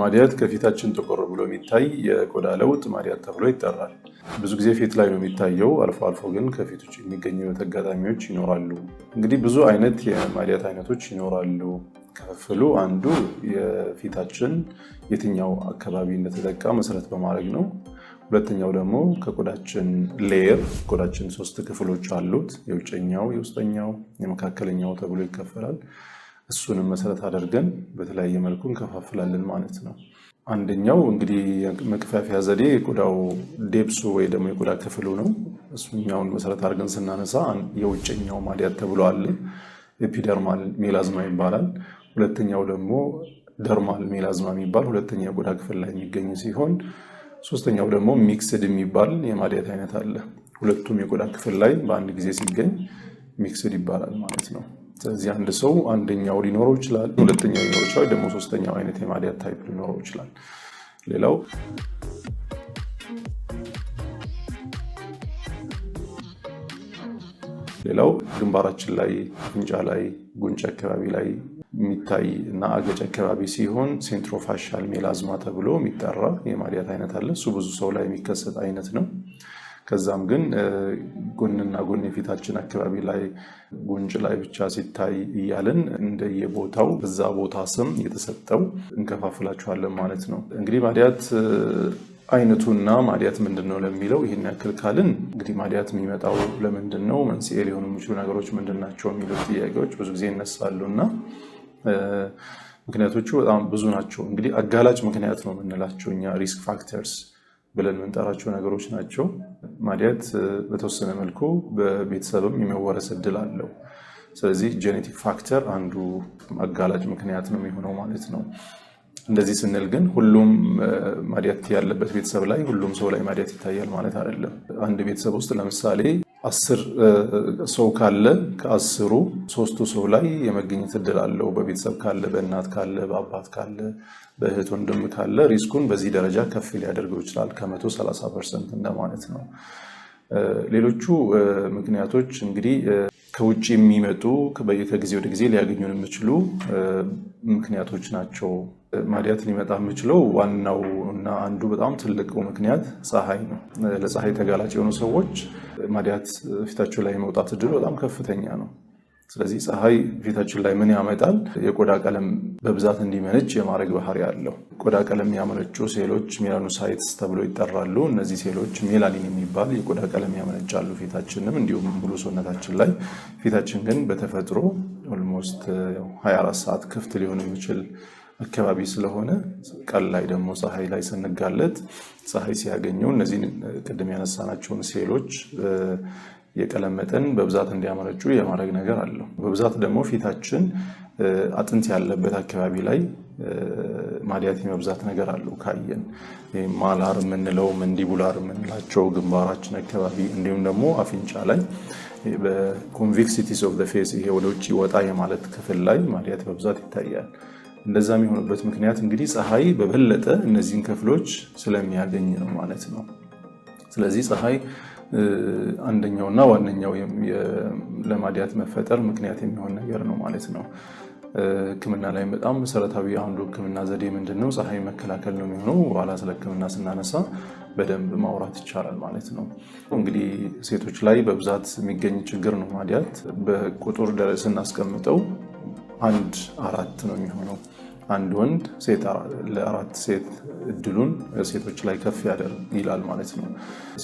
ማድያት ከፊታችን ጥቁር ብሎ የሚታይ የቆዳ ለውጥ ማድያት ተብሎ ይጠራል። ብዙ ጊዜ ፊት ላይ ነው የሚታየው፣ አልፎ አልፎ ግን ከፊት ውጭ የሚገኙ አጋጣሚዎች ይኖራሉ። እንግዲህ ብዙ አይነት የማድያት አይነቶች ይኖራሉ። ክፍፍሉ አንዱ የፊታችን የትኛው አካባቢ እንደተጠቃ መሰረት በማድረግ ነው። ሁለተኛው ደግሞ ከቆዳችን ሌየር ቆዳችን ሶስት ክፍሎች አሉት። የውጨኛው፣ የውስጠኛው፣ የመካከለኛው ተብሎ ይከፈላል። እሱንም መሰረት አድርገን በተለያየ መልኩ እንከፋፍላለን ማለት ነው። አንደኛው እንግዲህ መከፋፊያ ዘዴ የቆዳው ዴብሱ ወይ ደግሞ የቆዳ ክፍሉ ነው። እሱኛውን መሰረት አድርገን ስናነሳ የውጨኛው ማዲያት ተብሎ አለ። ኤፒደርማል ሜላዝማ ይባላል። ሁለተኛው ደግሞ ደርማል ሜላዝማ የሚባል ሁለተኛ የቆዳ ክፍል ላይ የሚገኝ ሲሆን ሶስተኛው ደግሞ ሚክስድ የሚባል የማዲያት አይነት አለ። ሁለቱም የቆዳ ክፍል ላይ በአንድ ጊዜ ሲገኝ ሚክስድ ይባላል ማለት ነው። ስለዚህ አንድ ሰው አንደኛው ሊኖረው ይችላል፣ ሁለተኛው ሊኖረው ይችላል፣ ደግሞ ሶስተኛው አይነት የማዲያት ታይፕ ሊኖረው ይችላል። ሌላው ሌላው ግንባራችን ላይ፣ አፍንጫ ላይ፣ ጉንጭ አካባቢ ላይ የሚታይ እና አገጭ አካባቢ ሲሆን ሴንትሮፋሻል ሜላዝማ ተብሎ የሚጠራ የማዲያት አይነት አለ። እሱ ብዙ ሰው ላይ የሚከሰት አይነት ነው። ከዛም ግን ጎንና ጎን የፊታችን አካባቢ ላይ ጉንጭ ላይ ብቻ ሲታይ እያልን እንደየቦታው በዛ ቦታ ስም የተሰጠው እንከፋፍላችኋለን ማለት ነው። እንግዲህ ማዲያት አይነቱና ማዲያት ምንድን ነው ለሚለው ይህን ያክል ካልን እንግዲህ ማዲያት የሚመጣው ለምንድን ነው፣ መንስኤ ሊሆኑ የሚችሉ ነገሮች ምንድን ናቸው የሚሉት ጥያቄዎች ብዙ ጊዜ ይነሳሉ እና ምክንያቶቹ በጣም ብዙ ናቸው። እንግዲህ አጋላጭ ምክንያት ነው የምንላቸው እኛ ሪስክ ፋክተርስ ብለን የምንጠራቸው ነገሮች ናቸው። ማዲያት በተወሰነ መልኩ በቤተሰብም የመወረስ እድል አለው። ስለዚህ ጄኔቲክ ፋክተር አንዱ አጋላጭ ምክንያት ነው የሚሆነው ማለት ነው። እንደዚህ ስንል ግን ሁሉም ማዲያት ያለበት ቤተሰብ ላይ ሁሉም ሰው ላይ ማዲያት ይታያል ማለት አይደለም። አንድ ቤተሰብ ውስጥ ለምሳሌ አስር ሰው ካለ ከአስሩ ሶስቱ ሰው ላይ የመገኘት እድል አለው። በቤተሰብ ካለ፣ በእናት ካለ፣ በአባት ካለ፣ በእህት ወንድም ካለ ሪስኩን በዚህ ደረጃ ከፍ ሊያደርገው ይችላል። ከመቶ 30 ፐርሰንት እንደማለት ነው። ሌሎቹ ምክንያቶች እንግዲህ ከውጭ የሚመጡ ከጊዜ ወደ ጊዜ ሊያገኙን የሚችሉ ምክንያቶች ናቸው። ማዲያት ሊመጣ የምችለው ዋናው እና አንዱ በጣም ትልቁ ምክንያት ፀሐይ ነው። ለፀሐይ ተጋላጭ የሆኑ ሰዎች ማዲያት ፊታቸው ላይ የመውጣት እድሉ በጣም ከፍተኛ ነው። ስለዚህ ፀሐይ ፊታችን ላይ ምን ያመጣል? የቆዳ ቀለም በብዛት እንዲመነጭ የማድረግ ባህሪ አለው። ቆዳ ቀለም ያመነጩ ሴሎች ሜላኖሳይትስ ተብሎ ይጠራሉ። እነዚህ ሴሎች ሜላኒን የሚባል የቆዳ ቀለም ያመነጫሉ፣ ፊታችንም እንዲሁም ሙሉ ሰውነታችን ላይ። ፊታችን ግን በተፈጥሮ ኦልሞስት 24 ሰዓት ክፍት ሊሆን የሚችል አካባቢ ስለሆነ ቀን ላይ ደግሞ ፀሐይ ላይ ስንጋለጥ ፀሐይ ሲያገኘው እነዚህን ቅድም ያነሳናቸውን ሴሎች የቀለም መጠን በብዛት እንዲያመረጩ የማድረግ ነገር አለው። በብዛት ደግሞ ፊታችን አጥንት ያለበት አካባቢ ላይ ማዲያት የመብዛት ነገር አለው ካየን ማላር የምንለው መንዲቡላር የምንላቸው ግንባራችን አካባቢ እንዲሁም ደግሞ አፍንጫ ላይ በኮንቬክሲቲስ ኦፍ ፌስ ይሄ ወደ ውጭ ወጣ የማለት ክፍል ላይ ማዲያት በብዛት ይታያል። እንደዛ የሚሆንበት ምክንያት እንግዲህ ፀሐይ በበለጠ እነዚህን ክፍሎች ስለሚያገኝ ነው ማለት ነው። ስለዚህ ፀሐይ አንደኛውና ዋነኛው ለማድያት መፈጠር ምክንያት የሚሆን ነገር ነው ማለት ነው። ሕክምና ላይም በጣም መሰረታዊ አንዱ ሕክምና ዘዴ ምንድን ነው? ፀሐይ መከላከል ነው የሚሆነው። በኋላ ስለ ሕክምና ስናነሳ በደንብ ማውራት ይቻላል ማለት ነው። እንግዲህ ሴቶች ላይ በብዛት የሚገኝ ችግር ነው ማዲያት። በቁጥር ስናስቀምጠው አንድ አራት ነው የሚሆነው። አንድ ወንድ ለአራት ሴት እድሉን ሴቶች ላይ ከፍ ያደርግ ይላል ማለት ነው።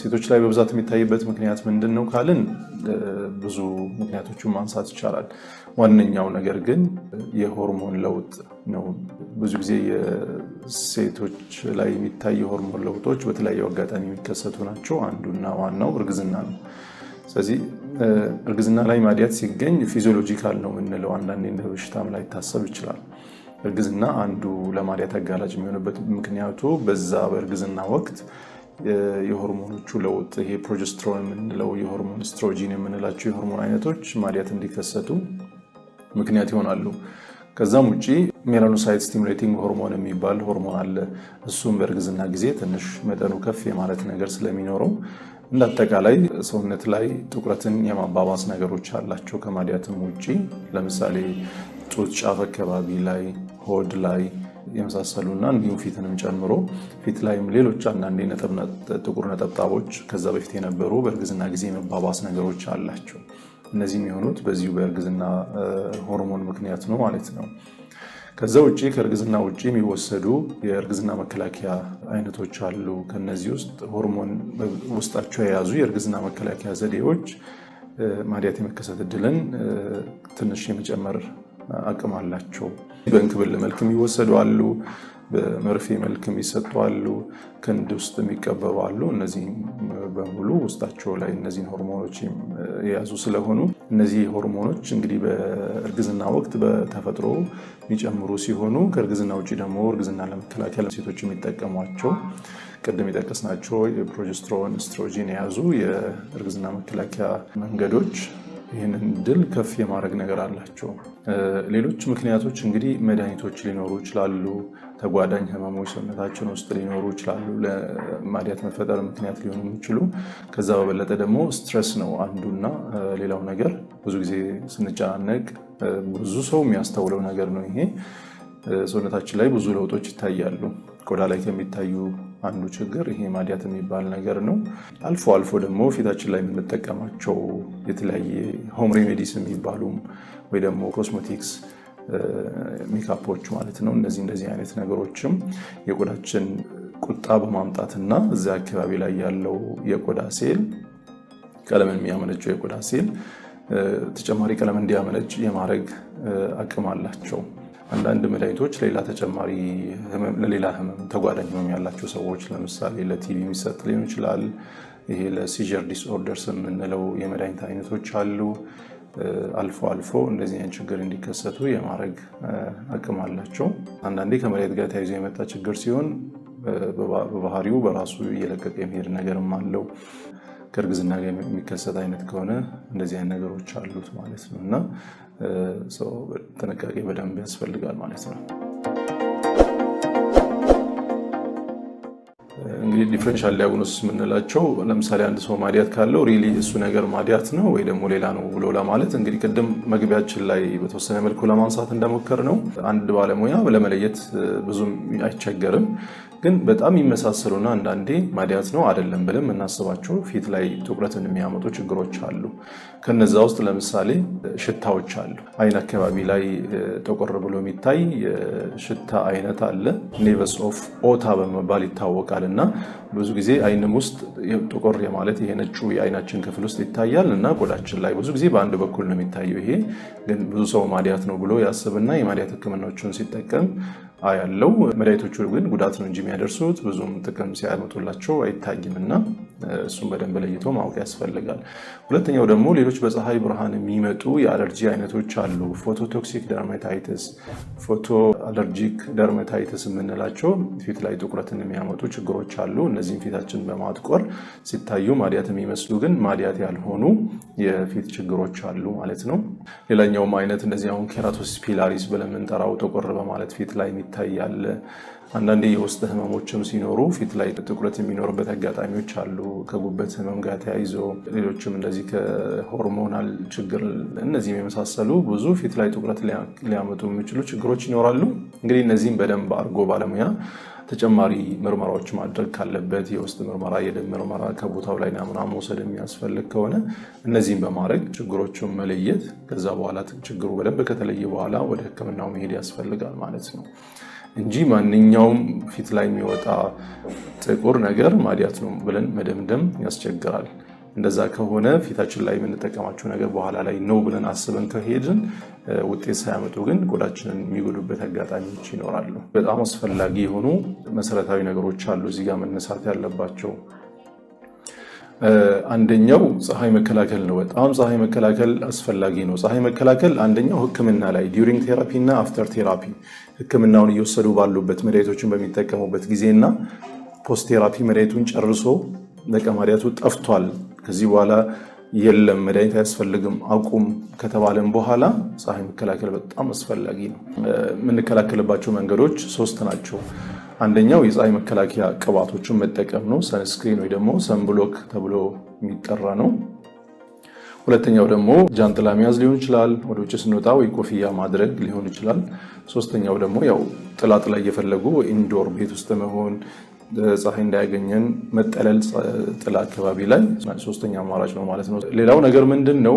ሴቶች ላይ በብዛት የሚታይበት ምክንያት ምንድን ነው ካልን ብዙ ምክንያቶችን ማንሳት ይቻላል። ዋነኛው ነገር ግን የሆርሞን ለውጥ ነው። ብዙ ጊዜ የሴቶች ላይ የሚታይ የሆርሞን ለውጦች በተለያዩ አጋጣሚ የሚከሰቱ ናቸው። አንዱና ዋናው እርግዝና ነው። ስለዚህ እርግዝና ላይ ማዲያት ሲገኝ ፊዚዮሎጂካል ነው የምንለው፣ አንዳንዴ እንደ በሽታም ላይ ታሰብ ይችላል። እርግዝና አንዱ ለማዲያት አጋላጭ የሚሆንበት ምክንያቱ በዛ በእርግዝና ወቅት የሆርሞኖቹ ለውጥ ይሄ ፕሮጀስትሮን የምንለው የሆርሞን ስትሮጂን የምንላቸው የሆርሞን አይነቶች ማዲያት እንዲከሰቱ ምክንያት ይሆናሉ። ከዛም ውጭ ሜላኖሳይት ስቲሙሌቲንግ ሆርሞን የሚባል ሆርሞን አለ። እሱም በእርግዝና ጊዜ ትንሽ መጠኑ ከፍ የማለት ነገር ስለሚኖረው እንዳጠቃላይ አጠቃላይ ሰውነት ላይ ጥቁረትን የማባባስ ነገሮች አላቸው። ከማዲያትም ውጭ ለምሳሌ ጡት ጫፍ አካባቢ ላይ፣ ሆድ ላይ የመሳሰሉና እንዲሁም ፊትንም ጨምሮ ፊት ላይም ሌሎች አንዳንዴ ጥቁር ነጠብጣቦች ከዛ በፊት የነበሩ በእርግዝና ጊዜ የመባባስ ነገሮች አላቸው። እነዚህም የሆኑት በዚሁ በእርግዝና ሆርሞን ምክንያት ነው ማለት ነው። ከዛ ውጭ ከእርግዝና ውጭ የሚወሰዱ የእርግዝና መከላከያ አይነቶች አሉ። ከነዚህ ውስጥ ሆርሞን ውስጣቸው የያዙ የእርግዝና መከላከያ ዘዴዎች ማዲያት የመከሰት እድልን ትንሽ የመጨመር አቅም አላቸው። በእንክብል መልክ የሚወሰዱ አሉ፣ በመርፌ መልክ የሚሰጡ አሉ፣ ክንድ ውስጥ የሚቀበሩ አሉ። እነዚህ በሙሉ ውስጣቸው ላይ እነዚህን ሆርሞኖች የያዙ ስለሆኑ እነዚህ ሆርሞኖች እንግዲህ በእርግዝና ወቅት በተፈጥሮ የሚጨምሩ ሲሆኑ ከእርግዝና ውጭ ደግሞ እርግዝና ለመከላከል ሴቶች የሚጠቀሟቸው ቅድም የጠቀስናቸው የፕሮጀስትሮን፣ ስትሮጂን የያዙ የእርግዝና መከላከያ መንገዶች ይህንን ድል ከፍ የማድረግ ነገር አላቸው። ሌሎች ምክንያቶች እንግዲህ መድኃኒቶች ሊኖሩ ይችላሉ። ተጓዳኝ ህመሞች ሰውነታችን ውስጥ ሊኖሩ ይችላሉ። ለማዲያት መፈጠር ምክንያት ሊሆኑ የሚችሉ ከዛ በበለጠ ደግሞ ስትረስ ነው አንዱና ሌላው ነገር። ብዙ ጊዜ ስንጨናነቅ ብዙ ሰው የሚያስተውለው ነገር ነው ይሄ። ሰውነታችን ላይ ብዙ ለውጦች ይታያሉ። ቆዳ ላይ ከሚታዩ አንዱ ችግር ይሄ ማዲያት የሚባል ነገር ነው። አልፎ አልፎ ደግሞ ፊታችን ላይ የምንጠቀማቸው የተለያየ ሆም ሬሜዲስ የሚባሉም ወይ ደግሞ ኮስሞቲክስ ሜካፖች ማለት ነው። እነዚህ እንደዚህ አይነት ነገሮችም የቆዳችን ቁጣ በማምጣትና እዚ አካባቢ ላይ ያለው የቆዳ ሴል ቀለም የሚያመነጨው የቆዳ ሴል ተጨማሪ ቀለም እንዲያመነጭ የማድረግ አቅም አላቸው። አንዳንድ መድኃኒቶች ሌላ ተጨማሪ ለሌላ ህመም ተጓዳኝ ህመም ያላቸው ሰዎች ለምሳሌ ለቲቪ የሚሰጥ ሊሆን ይችላል። ይሄ ለሲጀር ዲስኦርደርስ የምንለው የመድኃኒት አይነቶች አሉ። አልፎ አልፎ እንደዚህ አይነት ችግር እንዲከሰቱ የማድረግ አቅም አላቸው። አንዳንዴ ከመድኃኒት ጋር ተያይዞ የመጣ ችግር ሲሆን በባህሪው በራሱ እየለቀቀ የሚሄድ ነገርም አለው። ከእርግዝና ጋር የሚከሰት አይነት ከሆነ እንደዚህ አይነት ነገሮች አሉት ማለት ነው እና ጥንቃቄ በደንብ ያስፈልጋል ማለት ነው። እንግዲህ ዲፍረንሻል ዲያግኖስ የምንላቸው ለምሳሌ አንድ ሰው ማዲያት ካለው ሪሊ እሱ ነገር ማዲያት ነው ወይ ደግሞ ሌላ ነው ብሎ ለማለት እንግዲህ ቅድም መግቢያችን ላይ በተወሰነ መልኩ ለማንሳት እንደሞከር ነው አንድ ባለሙያ ለመለየት ብዙም አይቸገርም። ግን በጣም የሚመሳሰሉና አንዳንዴ ማዲያት ነው አይደለም ብለን የምናስባቸው ፊት ላይ ትኩረትን የሚያመጡ ችግሮች አሉ። ከነዛ ውስጥ ለምሳሌ ሽታዎች አሉ። አይን አካባቢ ላይ ጠቆር ብሎ የሚታይ ሽታ አይነት አለ። ኔቨስ ኦፍ ኦታ በመባል ይታወቃል እና ብዙ ጊዜ አይንም ውስጥ ጥቁር ማለት ይሄ ነጩ የአይናችን ክፍል ውስጥ ይታያል እና ቆዳችን ላይ ብዙ ጊዜ በአንድ በኩል ነው የሚታየው። ይሄ ግን ብዙ ሰው ማዲያት ነው ብሎ ያስብና የማዲያት ሕክምናዎችን ሲጠቀም ያለው መድኃኒቶቹ ግን ጉዳት ነው እንጂ የሚያደርሱት ብዙም ጥቅም ሲያመጡላቸው አይታይም እና እሱን በደንብ ለይቶ ማወቅ ያስፈልጋል። ሁለተኛው ደግሞ ሌሎች በፀሐይ ብርሃን የሚመጡ የአለርጂ አይነቶች አሉ። ፎቶቶክሲክ ደርማታይትስ፣ ፎቶ አለርጂክ ደርማታይትስ የምንላቸው ፊት ላይ ጥቁረትን የሚያመጡ ችግሮች አሉ። እነዚህም ፊታችን በማጥቆር ሲታዩ ማዲያት የሚመስሉ ግን ማዲያት ያልሆኑ የፊት ችግሮች አሉ ማለት ነው። ሌላኛውም አይነት እንደዚህ አሁን ኬራቶስ ፒላሪስ ብለምንጠራው ጥቁር በማለት ፊት ላይ የሚታያል። አንዳንዴ የውስጥ ህመሞችም ሲኖሩ ፊት ላይ ትኩረት የሚኖርበት አጋጣሚዎች አሉ። ከጉበት ህመም ጋር ተያይዞ ሌሎችም እንደዚህ ከሆርሞናል ችግር እነዚህም የመሳሰሉ ብዙ ፊት ላይ ትኩረት ሊያመጡ የሚችሉ ችግሮች ይኖራሉ። እንግዲህ እነዚህም በደንብ አድርጎ ባለሙያ ተጨማሪ ምርመራዎች ማድረግ ካለበት የውስጥ ምርመራ፣ የደም ምርመራ ከቦታው ላይ ናምና መውሰድ የሚያስፈልግ ከሆነ እነዚህም በማድረግ ችግሮቹን መለየት ከዛ በኋላ ችግሩ በደንብ ከተለየ በኋላ ወደ ህክምናው መሄድ ያስፈልጋል ማለት ነው። እንጂ ማንኛውም ፊት ላይ የሚወጣ ጥቁር ነገር ማዲያት ነው ብለን መደምደም ያስቸግራል። እንደዛ ከሆነ ፊታችን ላይ የምንጠቀማቸው ነገር በኋላ ላይ ነው ብለን አስበን ከሄድን ውጤት ሳያመጡ ግን ቆዳችንን የሚጎዱበት አጋጣሚዎች ይኖራሉ። በጣም አስፈላጊ የሆኑ መሰረታዊ ነገሮች አሉ እዚህ ጋር መነሳት ያለባቸው። አንደኛው ፀሐይ መከላከል ነው። በጣም ፀሐይ መከላከል አስፈላጊ ነው። ፀሐይ መከላከል አንደኛው ሕክምና ላይ ዲሪንግ ቴራፒ እና አፍተር ቴራፒ ህክምናውን እየወሰዱ ባሉበት መድኃኒቶችን በሚጠቀሙበት ጊዜና ፖስት ቴራፒ መድኃኒቱን ጨርሶ ለቀማዲያቱ ጠፍቷል፣ ከዚህ በኋላ የለም መድኃኒት አያስፈልግም አቁም ከተባለም በኋላ ፀሐይ መከላከል በጣም አስፈላጊ ነው። የምንከላከልባቸው መንገዶች ሶስት ናቸው። አንደኛው የፀሐይ መከላከያ ቅባቶችን መጠቀም ነው። ሰንስክሪን ወይ ደግሞ ሰንብሎክ ተብሎ የሚጠራ ነው። ሁለተኛው ደግሞ ጃንጥላ መያዝ ሊሆን ይችላል። ወደ ውጭ ስንወጣ ወይ ኮፍያ ማድረግ ሊሆን ይችላል። ሶስተኛው ደግሞ ያው ጥላ እየፈለጉ ኢንዶር ቤት ውስጥ መሆን ፀሐይ እንዳያገኘን መጠለል ጥላ አካባቢ ላይ ሶስተኛ አማራጭ ነው ማለት ነው። ሌላው ነገር ምንድን ነው?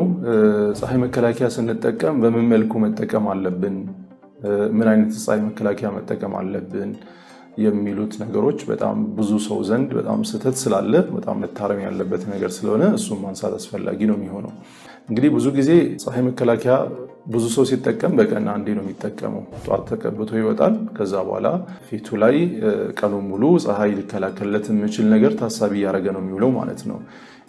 ፀሐይ መከላከያ ስንጠቀም በምን መልኩ መጠቀም አለብን? ምን አይነት ፀሐይ መከላከያ መጠቀም አለብን? የሚሉት ነገሮች በጣም ብዙ ሰው ዘንድ በጣም ስህተት ስላለ በጣም መታረም ያለበት ነገር ስለሆነ እሱም ማንሳት አስፈላጊ ነው የሚሆነው። እንግዲህ ብዙ ጊዜ ፀሐይ መከላከያ ብዙ ሰው ሲጠቀም በቀን አንዴ ነው የሚጠቀመው። ጠዋት ተቀብቶ ይወጣል። ከዛ በኋላ ፊቱ ላይ ቀኑ ሙሉ ፀሐይ ሊከላከልለት የሚችል ነገር ታሳቢ እያደረገ ነው የሚውለው ማለት ነው።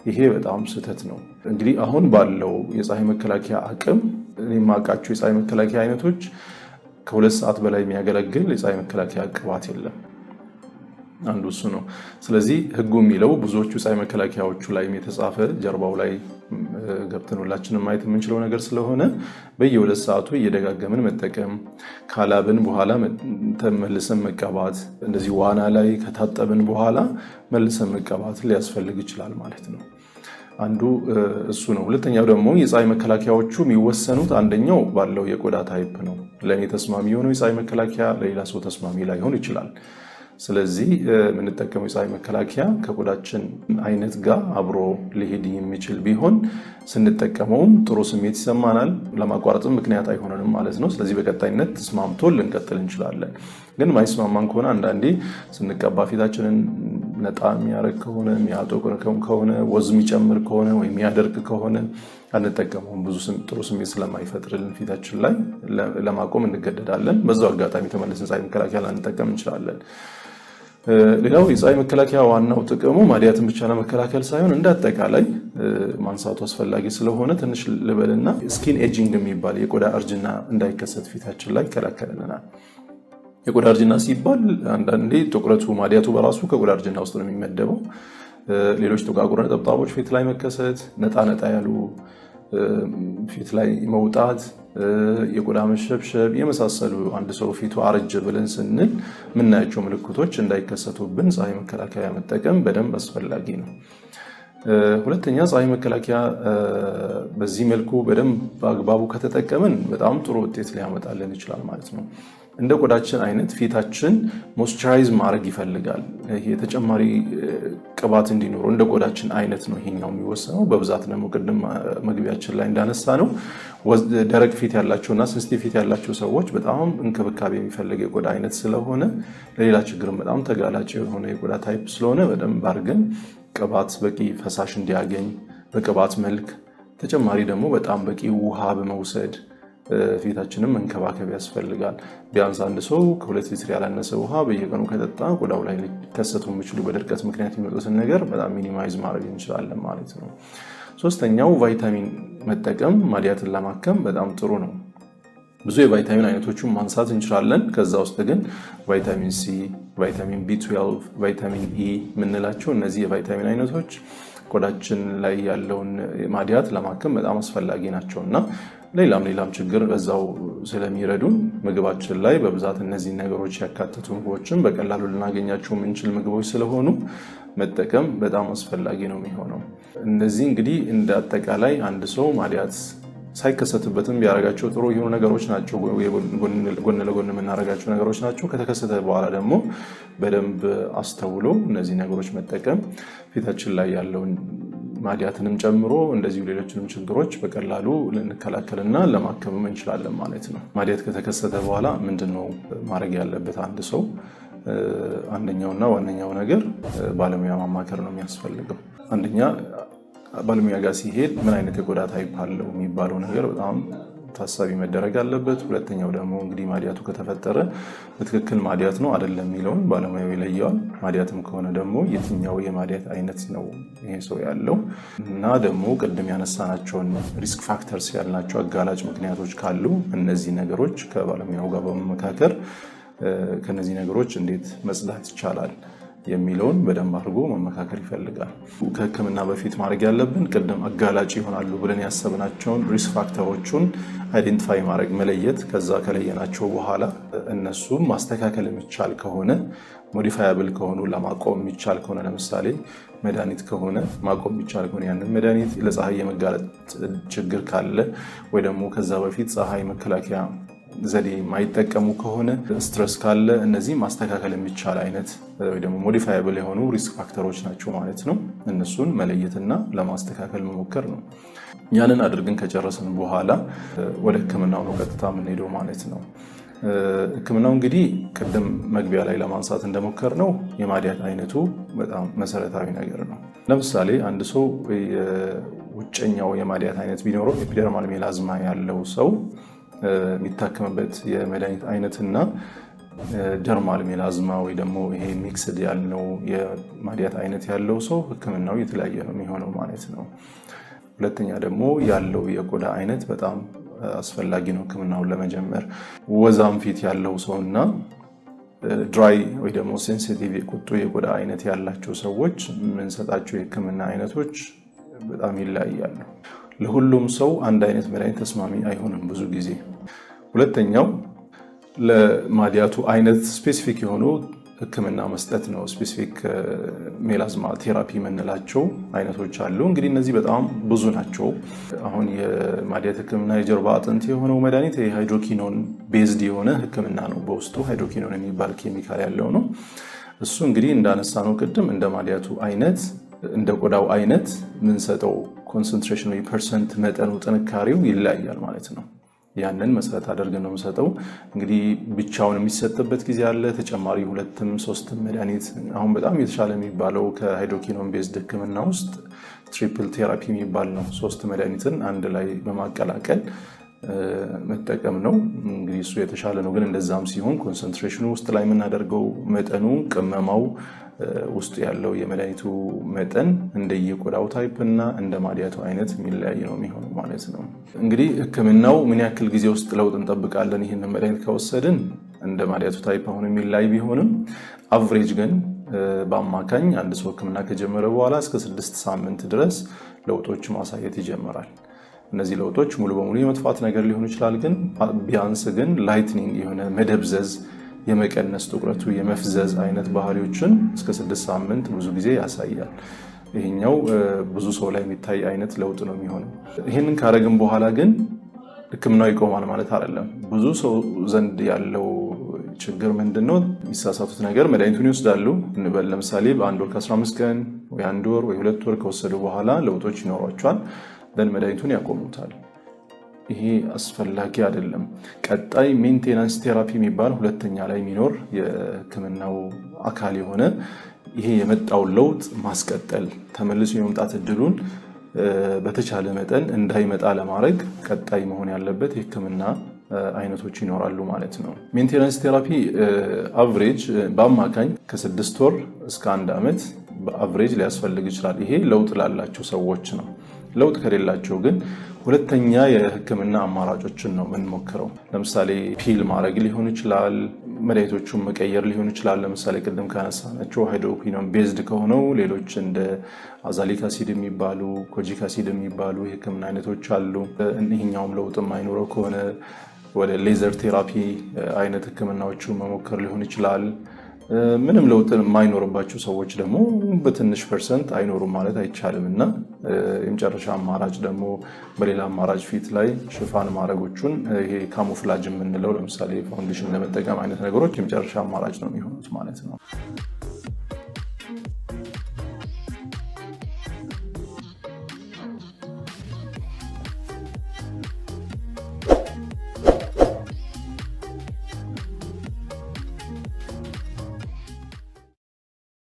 ይሄ በጣም ስህተት ነው። እንግዲህ አሁን ባለው የፀሐይ መከላከያ አቅም እኔ የማውቃቸው የፀሐይ መከላከያ አይነቶች ከሁለት ሰዓት በላይ የሚያገለግል የፀሐይ መከላከያ ቅባት የለም። አንዱ እሱ ነው። ስለዚህ ህጉ የሚለው ብዙዎቹ ፀሐይ መከላከያዎቹ ላይም የተጻፈ ጀርባው ላይ ገብተን ሁላችንም ማየት የምንችለው ነገር ስለሆነ በየሁለት ሰዓቱ እየደጋገምን መጠቀም፣ ካላብን በኋላ መልሰን መቀባት፣ እንደዚህ ዋና ላይ ከታጠብን በኋላ መልሰን መቀባት ሊያስፈልግ ይችላል ማለት ነው። አንዱ እሱ ነው። ሁለተኛው ደግሞ የፀሐይ መከላከያዎቹ የሚወሰኑት አንደኛው ባለው የቆዳ ታይፕ ነው። ለእኔ ተስማሚ የሆነው የፀሐይ መከላከያ ለሌላ ሰው ተስማሚ ላይሆን ይችላል። ስለዚህ የምንጠቀመው የፀሐይ መከላከያ ከቆዳችን አይነት ጋር አብሮ ሊሄድ የሚችል ቢሆን ስንጠቀመውም ጥሩ ስሜት ይሰማናል። ለማቋረጥም ምክንያት አይሆንንም ማለት ነው። ስለዚህ በቀጣይነት ተስማምቶ ልንቀጥል እንችላለን። ግን ማይስማማን ከሆነ አንዳንዴ ስንቀባ ፊታችንን ነጣ የሚያደርግ ከሆነ የሚያጠቁር ከሆነ ወዝ የሚጨምር ከሆነ ወይም የሚያደርግ ከሆነ አንጠቀመውም። ብዙ ጥሩ ስሜት ስለማይፈጥርልን ፊታችን ላይ ለማቆም እንገደዳለን። በዛው አጋጣሚ ተመለስን ፀሐይ መከላከያ ላንጠቀም እንችላለን። ሌላው የፀሐይ መከላከያ ዋናው ጥቅሙ ማዲያትን ብቻ ለመከላከል ሳይሆን እንደ አጠቃላይ ማንሳቱ አስፈላጊ ስለሆነ ትንሽ ልበልና ስኪን ኤጂንግ የሚባል የቆዳ እርጅና እንዳይከሰት ፊታችን ላይ ይከላከልልናል። የቆዳ እርጅና ሲባል አንዳንዴ ትኩረቱ ማዲያቱ በራሱ ከቆዳ እርጅና ውስጥ ነው የሚመደበው። ሌሎች ጥቃቁር ነጠብጣቦች ፊት ላይ መከሰት፣ ነጣ ነጣ ያሉ ፊት ላይ መውጣት፣ የቆዳ መሸብሸብ የመሳሰሉ አንድ ሰው ፊቱ አረጀ ብለን ስንል የምናያቸው ምልክቶች እንዳይከሰቱብን ፀሐይ መከላከያ መጠቀም በደንብ አስፈላጊ ነው። ሁለተኛ ፀሐይ መከላከያ በዚህ መልኩ በደንብ በአግባቡ ከተጠቀምን በጣም ጥሩ ውጤት ሊያመጣልን ይችላል ማለት ነው። እንደ ቆዳችን አይነት ፊታችን ሞስቸራይዝ ማድረግ ይፈልጋል። የተጨማሪ ቅባት እንዲኖረው እንደ ቆዳችን አይነት ነው ይሄኛው የሚወሰነው። በብዛት ደግሞ ቅድም መግቢያችን ላይ እንዳነሳ ነው ደረቅ ፊት ያላቸውና ስንስቲ ፊት ያላቸው ሰዎች በጣም እንክብካቤ የሚፈልግ የቆዳ አይነት ስለሆነ ለሌላ ችግርም በጣም ተጋላጭ የሆነ የቆዳ ታይፕ ስለሆነ በደንብ አድርገን ቅባት በቂ ፈሳሽ እንዲያገኝ በቅባት መልክ ተጨማሪ ደግሞ በጣም በቂ ውሃ በመውሰድ ፊታችንም መንከባከብ ያስፈልጋል። ቢያንስ አንድ ሰው ከሁለት ሊትር ያላነሰ ውሃ በየቀኑ ከጠጣ ቆዳው ላይ ሊከሰቱ የሚችሉ በድርቀት ምክንያት የሚመጡትን ነገር በጣም ሚኒማይዝ ማድረግ እንችላለን ማለት ነው። ሶስተኛው ቫይታሚን መጠቀም ማድያትን ለማከም በጣም ጥሩ ነው። ብዙ የቫይታሚን አይነቶችን ማንሳት እንችላለን። ከዛ ውስጥ ግን ቫይታሚን ሲ፣ ቫይታሚን ቢ12፣ ቫይታሚን ኢ የምንላቸው እነዚህ የቫይታሚን አይነቶች ቆዳችን ላይ ያለውን ማዲያት ለማከም በጣም አስፈላጊ ናቸው እና ሌላም ሌላም ችግር በዛው ስለሚረዱን ምግባችን ላይ በብዛት እነዚህ ነገሮች ያካተቱ ምግቦችን በቀላሉ ልናገኛቸው የምንችል ምግቦች ስለሆኑ መጠቀም በጣም አስፈላጊ ነው የሚሆነው። እነዚህ እንግዲህ እንደ አጠቃላይ አንድ ሰው ማዲያት ሳይከሰትበትም ቢያደርጋቸው ጥሩ የሆኑ ነገሮች ናቸው። ጎን ለጎን የምናደርጋቸው ነገሮች ናቸው። ከተከሰተ በኋላ ደግሞ በደንብ አስተውሎ እነዚህ ነገሮች መጠቀም ፊታችን ላይ ያለውን ማዲያትንም ጨምሮ እንደዚሁ ሌሎችንም ችግሮች በቀላሉ ልንከላከልና ለማከምም እንችላለን ማለት ነው። ማዲያት ከተከሰተ በኋላ ምንድን ነው ማድረግ ያለበት አንድ ሰው? አንደኛውና ዋነኛው ነገር ባለሙያ ማማከር ነው የሚያስፈልገው። አንደኛ ባለሙያ ጋር ሲሄድ ምን አይነት የቆዳ ታይፕ አለው የሚባለው ነገር በጣም ታሳቢ መደረግ አለበት። ሁለተኛው ደግሞ እንግዲህ ማዲያቱ ከተፈጠረ በትክክል ማዲያት ነው አይደለም የሚለውን ባለሙያው ይለየዋል። ማዲያትም ከሆነ ደግሞ የትኛው የማዲያት አይነት ነው ይሄ ሰው ያለው እና ደግሞ ቅድም ያነሳናቸውን ሪስክ ፋክተርስ ያልናቸው አጋላጭ ምክንያቶች ካሉ እነዚህ ነገሮች ከባለሙያው ጋር በመመካከር ከነዚህ ነገሮች እንዴት መጽዳት ይቻላል የሚለውን በደንብ አድርጎ መመካከል ይፈልጋል። ከህክምና በፊት ማድረግ ያለብን ቅድም አጋላጭ ይሆናሉ ብለን ያሰብናቸውን ሪስክ ፋክተሮቹን አይዴንቲፋይ ማድረግ መለየት፣ ከዛ ከለየናቸው በኋላ እነሱም ማስተካከል የሚቻል ከሆነ ሞዲፋያብል ከሆኑ ለማቆም የሚቻል ከሆነ ለምሳሌ መድኃኒት ከሆነ ማቆም የሚቻል ከሆነ ያንን መድኃኒት ለፀሐይ የመጋለጥ ችግር ካለ ወይ ደግሞ ከዛ በፊት ፀሐይ መከላከያ ዘዴ የማይጠቀሙ ከሆነ ስትረስ ካለ እነዚህ ማስተካከል የሚቻል አይነት ወይ ደግሞ ሞዲፋያብል የሆኑ ሪስክ ፋክተሮች ናቸው ማለት ነው። እነሱን መለየትና ለማስተካከል መሞከር ነው። ያንን አድርገን ከጨረስን በኋላ ወደ ህክምናው ነው ቀጥታ የምንሄደው ማለት ነው። ህክምናው እንግዲህ ቅድም መግቢያ ላይ ለማንሳት እንደሞከር ነው የማዲያት አይነቱ በጣም መሰረታዊ ነገር ነው። ለምሳሌ አንድ ሰው የውጨኛው የማዲያት አይነት ቢኖረው ኤፒደርማል ሜላዝማ ያለው ሰው የሚታከምበት የመድኃኒት አይነት እና ጀርማል ሜላዝማ ወይ ደግሞ ይሄ ሚክስድ ያልነው የማድያት አይነት ያለው ሰው ህክምናው የተለያየ ነው የሚሆነው ማለት ነው። ሁለተኛ ደግሞ ያለው የቆዳ አይነት በጣም አስፈላጊ ነው ህክምናውን ለመጀመር ወዛም ፊት ያለው ሰው እና ድራይ ወይ ደግሞ ሴንሲቲቭ የቁጡ የቆዳ አይነት ያላቸው ሰዎች የምንሰጣቸው የህክምና አይነቶች በጣም ይለያያሉ። ለሁሉም ሰው አንድ አይነት መድኃኒት ተስማሚ አይሆንም ብዙ ጊዜ ሁለተኛው ለማዲያቱ አይነት ስፔሲፊክ የሆኑ ህክምና መስጠት ነው። ስፔሲፊክ ሜላዝማ ቴራፒ የምንላቸው አይነቶች አሉ። እንግዲህ እነዚህ በጣም ብዙ ናቸው። አሁን የማዲያት ህክምና የጀርባ አጥንት የሆነው መድኃኒት የሃይድሮኪኖን ቤዝድ የሆነ ህክምና ነው። በውስጡ ሃይድሮኪኖን የሚባል ኬሚካል ያለው ነው። እሱ እንግዲህ እንዳነሳ ነው ቅድም እንደ ማዲያቱ አይነት እንደ ቆዳው አይነት የምንሰጠው ኮንሰንትሬሽን ወይ ፐርሰንት መጠኑ ጥንካሬው ይለያያል ማለት ነው። ያንን መሰረት አድርገን ነው የምሰጠው። እንግዲህ ብቻውን የሚሰጥበት ጊዜ አለ። ተጨማሪ ሁለትም ሶስትም መድኃኒት አሁን በጣም የተሻለ የሚባለው ከሃይድሮኪኖን ቤዝድ ህክምና ውስጥ ትሪፕል ቴራፒ የሚባል ነው። ሶስት መድኃኒትን አንድ ላይ በማቀላቀል መጠቀም ነው። እንግዲህ እሱ የተሻለ ነው። ግን እንደዛም ሲሆን ኮንሰንትሬሽኑ ውስጥ ላይ የምናደርገው መጠኑ፣ ቅመማው ውስጥ ያለው የመድኃኒቱ መጠን እንደየቆዳው ታይፕ እና እንደ ማዲያቱ አይነት የሚለያይ ነው የሚሆኑ ማለት ነው። እንግዲህ ህክምናው ምን ያክል ጊዜ ውስጥ ለውጥ እንጠብቃለን ይህንን መድኃኒት ከወሰድን እንደ ማዲያቱ ታይፕ አሁን የሚለያይ ቢሆንም አቨሬጅ ግን በአማካኝ አንድ ሰው ህክምና ከጀመረ በኋላ እስከ ስድስት ሳምንት ድረስ ለውጦች ማሳየት ይጀምራል። እነዚህ ለውጦች ሙሉ በሙሉ የመጥፋት ነገር ሊሆን ይችላል። ግን ቢያንስ ግን ላይትኒንግ የሆነ መደብዘዝ፣ የመቀነስ ጥቁረቱ፣ የመፍዘዝ አይነት ባህሪዎችን እስከ ስድስት ሳምንት ብዙ ጊዜ ያሳያል። ይሄኛው ብዙ ሰው ላይ የሚታይ አይነት ለውጥ ነው የሚሆነው። ይህንን ካረግን በኋላ ግን ሕክምናው ይቆማል ማለት አይደለም። ብዙ ሰው ዘንድ ያለው ችግር ምንድን ነው? የሚሳሳቱት ነገር መድኃኒቱን ይወስዳሉ እንበል። ለምሳሌ በአንድ ወር ከ15 ቀን ወይ አንድ ወር ወይ ሁለት ወር ከወሰዱ በኋላ ለውጦች ይኖሯቸዋል። ደን መድኃኒቱን ያቆሙታል። ይሄ አስፈላጊ አይደለም። ቀጣይ ሜንቴናንስ ቴራፒ የሚባል ሁለተኛ ላይ የሚኖር የህክምናው አካል የሆነ ይሄ የመጣውን ለውጥ ማስቀጠል ተመልሶ የመምጣት እድሉን በተቻለ መጠን እንዳይመጣ ለማድረግ ቀጣይ መሆን ያለበት የህክምና አይነቶች ይኖራሉ ማለት ነው። ሜንቴናንስ ቴራፒ አቨሬጅ በአማካኝ ከስድስት ወር እስከ አንድ ዓመት በአቨሬጅ ሊያስፈልግ ይችላል። ይሄ ለውጥ ላላቸው ሰዎች ነው። ለውጥ ከሌላቸው ግን ሁለተኛ የህክምና አማራጮችን ነው የምንሞክረው። ለምሳሌ ፒል ማድረግ ሊሆን ይችላል፣ መድኃኒቶቹን መቀየር ሊሆን ይችላል። ለምሳሌ ቅድም ካነሳናቸው ሃይድሮኩዊኖን ቤዝድ ከሆነው ሌሎች እንደ አዛሊክ አሲድ የሚባሉ ኮጂክ አሲድ የሚባሉ የህክምና አይነቶች አሉ። እኒህኛውም ለውጥ የማይኖረው ከሆነ ወደ ሌዘር ቴራፒ አይነት ህክምናዎቹ መሞከር ሊሆን ይችላል። ምንም ለውጥ የማይኖርባቸው ሰዎች ደግሞ በትንሽ ፐርሰንት አይኖሩም ማለት አይቻልም እና የመጨረሻ አማራጭ ደግሞ በሌላ አማራጭ ፊት ላይ ሽፋን ማድረጎቹን ይሄ ካሙፍላጅ የምንለው ለምሳሌ ፋውንዴሽን ለመጠቀም አይነት ነገሮች የመጨረሻ አማራጭ ነው የሚሆኑት ማለት ነው።